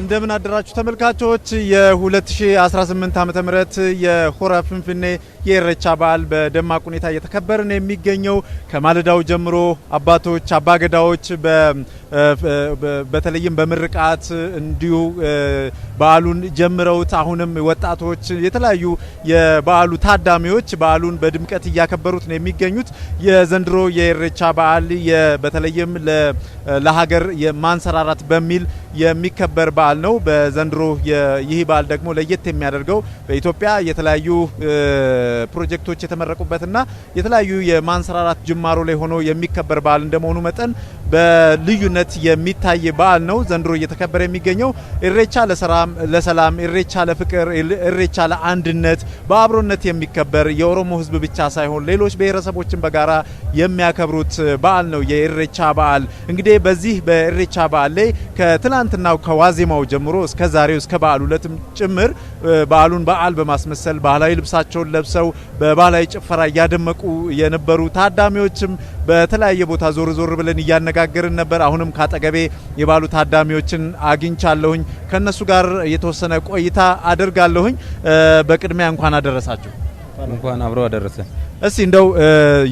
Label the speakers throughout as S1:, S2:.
S1: እንደምን አደራችሁ ተመልካቾች። የ2018 ዓ ም የሆረ ፍንፍኔ የኢሬቻ በዓል በደማቅ ሁኔታ እየተከበረ ነው የሚገኘው። ከማለዳው ጀምሮ አባቶች፣ አባገዳዎች በተለይም በምርቃት እንዲሁ በዓሉን ጀምረውት አሁንም ወጣቶች፣ የተለያዩ የበዓሉ ታዳሚዎች በዓሉን በድምቀት እያከበሩት ነው የሚገኙት። የዘንድሮ የኢሬቻ በዓል በተለይም ለሀገር የማንሰራራት በሚል የሚከበር በዓል ነው። በዘንድሮ ይህ በዓል ደግሞ ለየት የሚያደርገው በኢትዮጵያ የተለያዩ ፕሮጀክቶች የተመረቁበትና የተለያዩ የማንሰራራት ጅማሮ ላይ ሆኖ የሚከበር በዓል እንደመሆኑ መጠን በልዩነት የሚታይ በዓል ነው ዘንድሮ እየተከበረ የሚገኘው። እሬቻ ለሰላም፣ እሬቻ ለፍቅር፣ እሬቻ ለአንድነት በአብሮነት የሚከበር የኦሮሞ ሕዝብ ብቻ ሳይሆን ሌሎች ብሔረሰቦችን በጋራ የሚያከብሩት በዓል ነው የኢሬቻ በዓል። እንግዲህ በዚህ በኢሬቻ በዓል ላይ ከትላንትናው ከዋዜማው ጀምሮ እስከ ዛሬው እስከ በዓሉ ዕለትም ጭምር በዓሉን በዓል በማስመሰል ባህላዊ ልብሳቸውን ለብሰው በባህላዊ ጭፈራ እያደመቁ የነበሩ ታዳሚዎችም በተለያየ ቦታ ዞር ዞር ብለን እያነጋገርን ነበር። አሁንም ካጠገቤ የባሉ ታዳሚዎችን አግኝቻለሁኝ። ከነሱ ጋር የተወሰነ ቆይታ አድርጋለሁኝ። በቅድሚያ እንኳን አደረሳችሁ።
S2: እንኳን አብሮ አደረሰ።
S1: እስቲ እንደው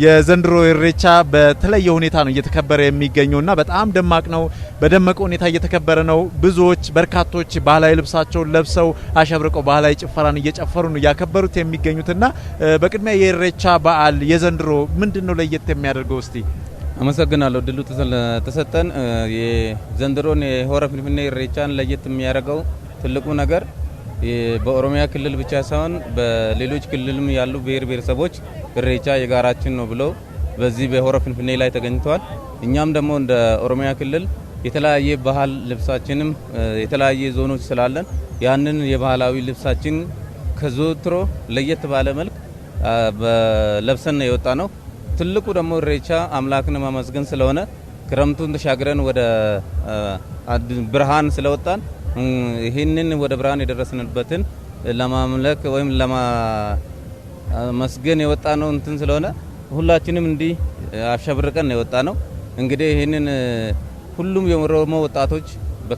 S1: የዘንድሮ ኢሬቻ በተለየ ሁኔታ ነው እየተከበረ የሚገኘውና በጣም ደማቅ ነው። በደመቀ ሁኔታ እየተከበረ ነው። ብዙዎች በርካቶች ባህላዊ ልብሳቸውን ለብሰው አሸብርቀው ባህላዊ ጭፈራን እየጨፈሩ ነው እያከበሩት የሚገኙትና በቅድሚያ የኢሬቻ በዓል የዘንድሮ ምንድን ነው ለየት የሚያደርገው? እስቲ
S2: አመሰግናለሁ ድሉ ተሰጠን። የዘንድሮን የሆረ ፊንፊኔ ኢሬቻን ለየት የሚያደርገው ትልቁ ነገር በኦሮሚያ ክልል ብቻ ሳይሆን በሌሎች ክልልም ያሉ ብሔር ብሔረሰቦች እሬቻ የጋራችን ነው ብለው በዚህ በሆረ ፍንፍኔ ላይ ተገኝተዋል። እኛም ደግሞ እንደ ኦሮሚያ ክልል የተለያየ ባህል ልብሳችንም የተለያየ ዞኖች ስላለን ያንን የባህላዊ ልብሳችን ከዘወትሮ ለየት ባለ መልክ ለብሰን የወጣ ነው። ትልቁ ደግሞ እሬቻ አምላክን ማመስገን ስለሆነ ክረምቱን ተሻግረን ወደ ብርሃን ስለወጣን ይህንን ወደ ብርሃን የደረስንበትን ለማምለክ ወይም ለማመስገን የወጣ ነው እንትን ስለሆነ ሁላችንም እንዲህ አሸብርቀን የወጣ ነው። እንግዲህ ይህንን ሁሉም የኦሮሞ ወጣቶች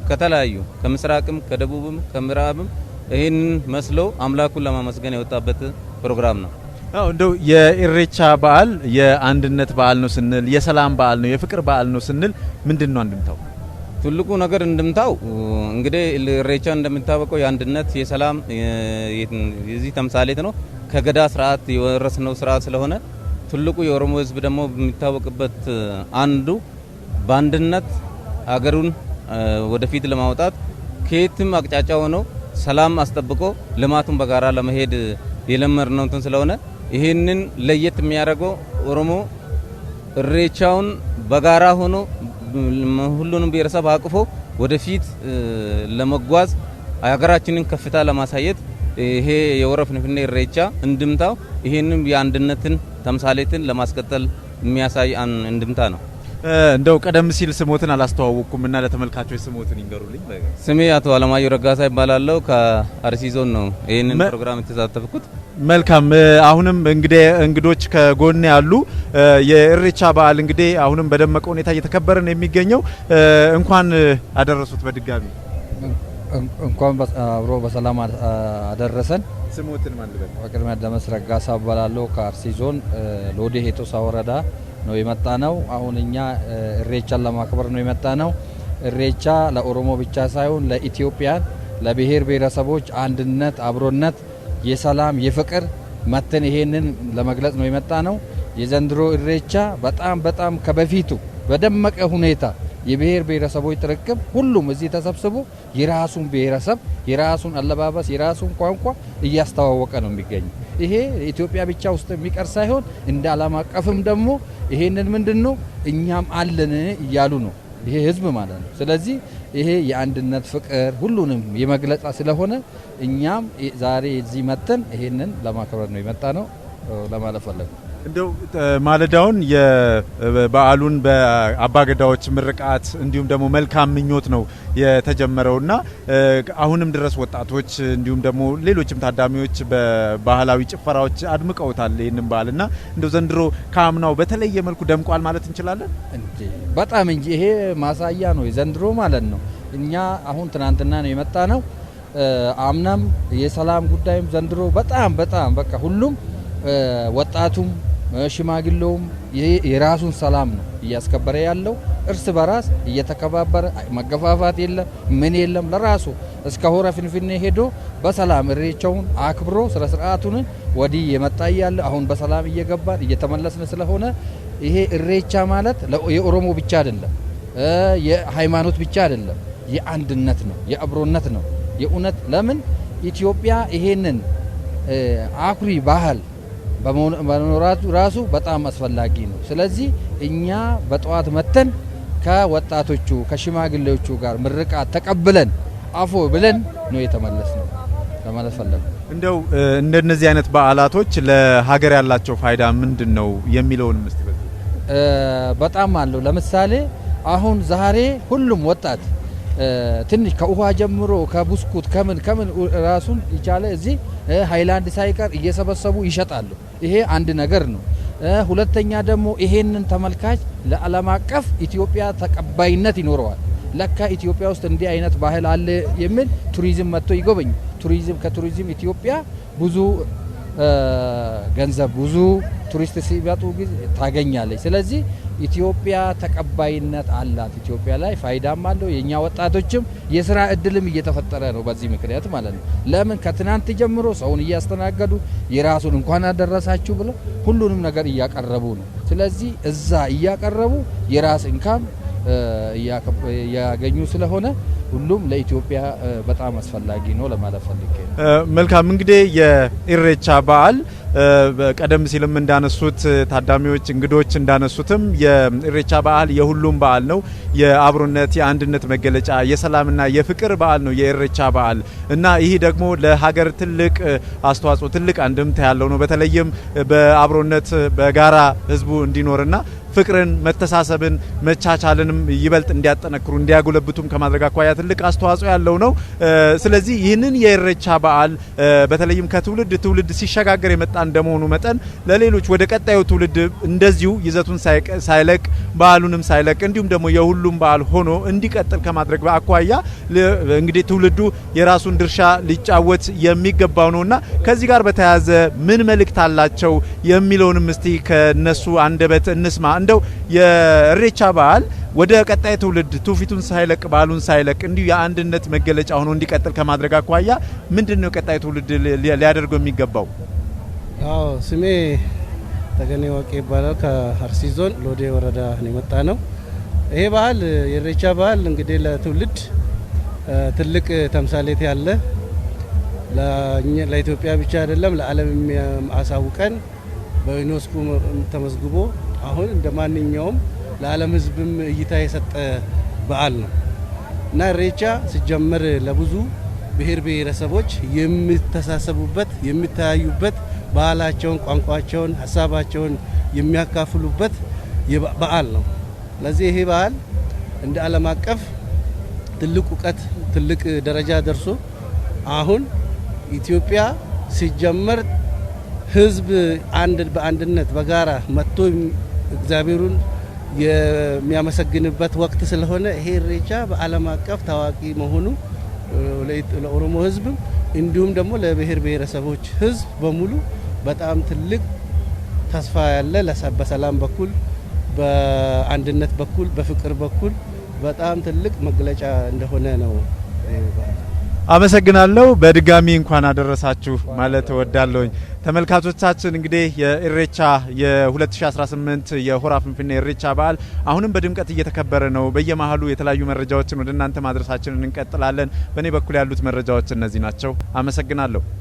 S2: ከተለያዩ ከምስራቅም፣ ከደቡብም፣ ከምዕራብም ይህንን መስሎ አምላኩን ለማመስገን የወጣበት ፕሮግራም ነው።
S1: አዎ እንደው የኢሬቻ በዓል የአንድነት በዓል ነው ስንል፣ የሰላም በዓል ነው፣ የፍቅር በዓል ነው ስንል ምንድን ነው አንድምታው?
S2: ትልቁ ነገር እንድምታው እንግዲህ ኢሬቻ እንደሚታወቀው የአንድነት፣ የሰላም የዚህ ተምሳሌት ነው። ከገዳ ስርዓት የወረስነው ስርዓት ስለሆነ ትልቁ የኦሮሞ ህዝብ ደግሞ የሚታወቅበት አንዱ በአንድነት አገሩን ወደፊት ለማውጣት ከየትም አቅጫጫ ሆነው ሰላም አስጠብቆ ልማቱን በጋራ ለመሄድ የለመድነው እንትን ስለሆነ ይህንን ለየት የሚያደርገው ኦሮሞ ኢሬቻውን በጋራ ሆኖ ሁሉንም ብሔረሰብ አቅፎ ወደፊት ለመጓዝ ሀገራችንን ከፍታ ለማሳየት ይሄ የወረፍ ንፍነ ኢሬቻ እንድምታው ይሄንም የአንድነትን ተምሳሌትን ለማስቀጠል የሚያሳይ እንድምታ ነው።
S1: እንደው ቀደም ሲል ስሞትን አላስተዋወቅኩም እና ለተመልካቾች ስሞትን ይንገሩልኝ።
S2: ስሜ አቶ አለማየሁ ረጋሳ ይባላለሁ። ከአርሲ ዞን ነው ይህንን ፕሮግራም የተሳተፍኩት።
S1: መልካም። አሁንም እንግዲህ እንግዶች ከጎን ያሉ የኢሬቻ በዓል እንግዲህ አሁንም በደመቀ ሁኔታ እየተከበረ ነው የሚገኘው። እንኳን አደረሱት በድጋሚ
S2: እንኳን አብሮ በሰላም አደረሰን።
S1: ስሙትን ማልበል
S2: በቅድሚያ ደመስ ረጋሳ እባላለሁ። ከአርሲ ዞን ሎዴ ሄጦሳ ወረዳ ነው የመጣ ነው። አሁን እኛ እሬቻን ለማክበር ነው የመጣ ነው። እሬቻ ለኦሮሞ ብቻ ሳይሆን ለኢትዮጵያን፣ ለብሔር ብሔረሰቦች አንድነት፣ አብሮነት፣ የሰላም የፍቅር መተን ይሄንን ለመግለጽ ነው የመጣ ነው። የዘንድሮ እሬቻ በጣም በጣም ከበፊቱ በደመቀ ሁኔታ የብሔር ብሔረሰቦች ትርክብ ሁሉም እዚህ ተሰብስቦ የራሱን ብሔረሰብ የራሱን አለባበስ የራሱን ቋንቋ እያስተዋወቀ ነው የሚገኝ። ይሄ ኢትዮጵያ ብቻ ውስጥ የሚቀር ሳይሆን እንደ ዓለም አቀፍም ደግሞ ይሄንን ምንድን ነው እኛም አለን እያሉ ነው ይሄ ህዝብ ማለት ነው። ስለዚህ ይሄ የአንድነት ፍቅር ሁሉንም የመግለጫ ስለሆነ እኛም ዛሬ እዚህ መጥተን ይሄንን ለማክበር ነው የመጣ ነው ለማለት ፈለጉ።
S1: እንደው ማለዳውን የበዓሉን በአባገዳዎች ምርቃት እንዲሁም ደግሞ መልካም ምኞት ነው የተጀመረውና አሁንም ድረስ ወጣቶች እንዲሁም ደግሞ ሌሎችም ታዳሚዎች በባህላዊ ጭፈራዎች አድምቀውታል ይህንን በዓልና እንደው ዘንድሮ ከአምናው በተለየ መልኩ ደምቋል ማለት እንችላለን።
S2: በጣም እንጂ ይሄ ማሳያ ነው ዘንድሮ ማለት ነው። እኛ አሁን ትናንትና ነው የመጣ ነው። አምናም የሰላም ጉዳይም ዘንድሮ በጣም በጣም በቃ ሁሉም ወጣቱም ሽማግሌውም የራሱን ሰላም ነው እያስከበረ ያለው። እርስ በራስ እየተከባበረ መገፋፋት የለም ምን የለም። ለራሱ እስከ ሆረ ፊንፊኔ ሄዶ በሰላም እሬቻውን አክብሮ ስለ ስርዓቱን ወዲህ የመጣ ያለ አሁን በሰላም እየገባን እየተመለስን ስለሆነ ይሄ እሬቻ ማለት የኦሮሞ ብቻ አይደለም፣ የሃይማኖት ብቻ አይደለም፣ የአንድነት ነው፣ የአብሮነት ነው። የእውነት ለምን ኢትዮጵያ ይሄንን አኩሪ ባህል በመኖራቱ ራሱ በጣም አስፈላጊ ነው። ስለዚህ እኛ በጠዋት መተን ከወጣቶቹ ከሽማግሌዎቹ ጋር ምርቃት ተቀብለን አፎ ብለን ነው የተመለስ ነው ለማለት ፈለጉ።
S1: እንደው እንደነዚህ አይነት በዓላቶች ለሀገር ያላቸው ፋይዳ ምንድን ነው የሚለውን ምስት
S2: በጣም አለው። ለምሳሌ አሁን ዛሬ ሁሉም ወጣት ትንሽ ከውሃ ጀምሮ ከብስኩት ከምን ከምን ራሱን ይቻለ እዚህ ሃይላንድ ሳይቀር እየሰበሰቡ ይሸጣሉ። ይሄ አንድ ነገር ነው። ሁለተኛ ደግሞ ይሄንን ተመልካች ለዓለም አቀፍ ኢትዮጵያ ተቀባይነት ይኖረዋል። ለካ ኢትዮጵያ ውስጥ እንዲህ አይነት ባህል አለ የሚል ቱሪዝም መጥቶ ይጎበኝ። ቱሪዝም ከቱሪዝም ኢትዮጵያ ብዙ ገንዘብ ብዙ ቱሪስት ሲመጡ ታገኛለች። ስለዚህ ኢትዮጵያ ተቀባይነት አላት። ኢትዮጵያ ላይ ፋይዳም አለው። የእኛ ወጣቶችም የስራ እድልም እየተፈጠረ ነው በዚህ ምክንያት ማለት ነው። ለምን ከትናንት ጀምሮ ሰውን እያስተናገዱ የራሱን እንኳን አደረሳችሁ ብለ ሁሉንም ነገር እያቀረቡ ነው። ስለዚህ እዛ እያቀረቡ የራስ እንካም እያገኙ ስለሆነ ሁሉም ለኢትዮጵያ በጣም አስፈላጊ ነው ለማለት ፈልጌ
S1: ነው። መልካም እንግዲህ የኢሬቻ በዓል ቀደም ሲልም እንዳነሱት ታዳሚዎች እንግዶች እንዳነሱትም የኢሬቻ በዓል የሁሉም በዓል ነው። የአብሮነት የአንድነት መገለጫ የሰላምና የፍቅር በዓል ነው የኢሬቻ በዓል እና ይህ ደግሞ ለሀገር ትልቅ አስተዋጽኦ ትልቅ አንድምታ ያለው ነው። በተለይም በአብሮነት በጋራ ህዝቡ እንዲኖርና ፍቅርን፣ መተሳሰብን፣ መቻቻልንም ይበልጥ እንዲያጠነክሩ እንዲያጎለብቱም ከማድረግ አኳያ ትልቅ አስተዋጽኦ ያለው ነው። ስለዚህ ይህንን የኢሬቻ በዓል በተለይም ከትውልድ ትውልድ ሲሸጋገር የመጣ እንደመሆኑ መጠን ለሌሎች ወደ ቀጣዩ ትውልድ እንደዚሁ ይዘቱን ሳይለቅ በዓሉንም ሳይለቅ እንዲሁም ደግሞ የሁሉም በዓል ሆኖ እንዲቀጥል ከማድረግ አኳያ እንግዲህ ትውልዱ የራሱን ድርሻ ሊጫወት የሚገባው ነውና ከዚህ ጋር በተያያዘ ምን መልእክት አላቸው የሚለውንም እስቲ ከነሱ አንደበት እንስማ። እንደው የእሬቻ በዓል ወደ ቀጣይ ትውልድ ትውፊቱን ሳይለቅ ባህሉን ሳይለቅ እንዲሁ የአንድነት መገለጫ ሆኖ እንዲቀጥል ከማድረግ አኳያ ምንድን ነው ቀጣይ ትውልድ ሊያደርገው የሚገባው?
S2: አዎ ስሜ ተገኔ ዋቄ ይባላል። ከአርሲ ዞን ሎዴ ወረዳ የመጣ ነው። ይሄ ባህል የኢሬቻ ባህል እንግዲህ ለትውልድ ትልቅ ተምሳሌት ያለ ለኢትዮጵያ ብቻ አይደለም ለዓለም የሚያሳውቀን በዩኔስኮ ተመዝግቦ አሁን እንደ ማንኛውም ለዓለም ሕዝብም እይታ የሰጠ በዓል ነው እና ኢሬቻ ሲጀመር ለብዙ ብሔር ብሔረሰቦች የሚተሳሰቡበት የሚተያዩበት፣ ባህላቸውን፣ ቋንቋቸውን፣ ሀሳባቸውን የሚያካፍሉበት በዓል ነው። ለዚህ ይሄ በዓል እንደ ዓለም አቀፍ ትልቅ እውቀት ትልቅ ደረጃ ደርሶ አሁን ኢትዮጵያ ሲጀመር ህዝብ አንድ በአንድነት በጋራ መጥቶ እግዚአብሔሩን የሚያመሰግንበት ወቅት ስለሆነ ይሄ እሬቻ በዓለም አቀፍ ታዋቂ መሆኑ ለኦሮሞ ህዝብ እንዲሁም ደግሞ ለብሔር ብሔረሰቦች ህዝብ በሙሉ በጣም ትልቅ ተስፋ ያለ በሰላም በኩል በአንድነት በኩል በፍቅር በኩል በጣም ትልቅ መግለጫ እንደሆነ ነው።
S1: አመሰግናለሁ። በድጋሚ እንኳን አደረሳችሁ ማለት እወዳለሁኝ። ተመልካቾቻችን እንግዲህ የኢሬቻ የ2018 የሆራ ፊንፊኔ ኢሬቻ በዓል አሁንም በድምቀት እየተከበረ ነው። በየመሀሉ የተለያዩ መረጃዎችን ወደ እናንተ ማድረሳችንን እንቀጥላለን። በእኔ በኩል ያሉት መረጃዎች እነዚህ ናቸው። አመሰግናለሁ።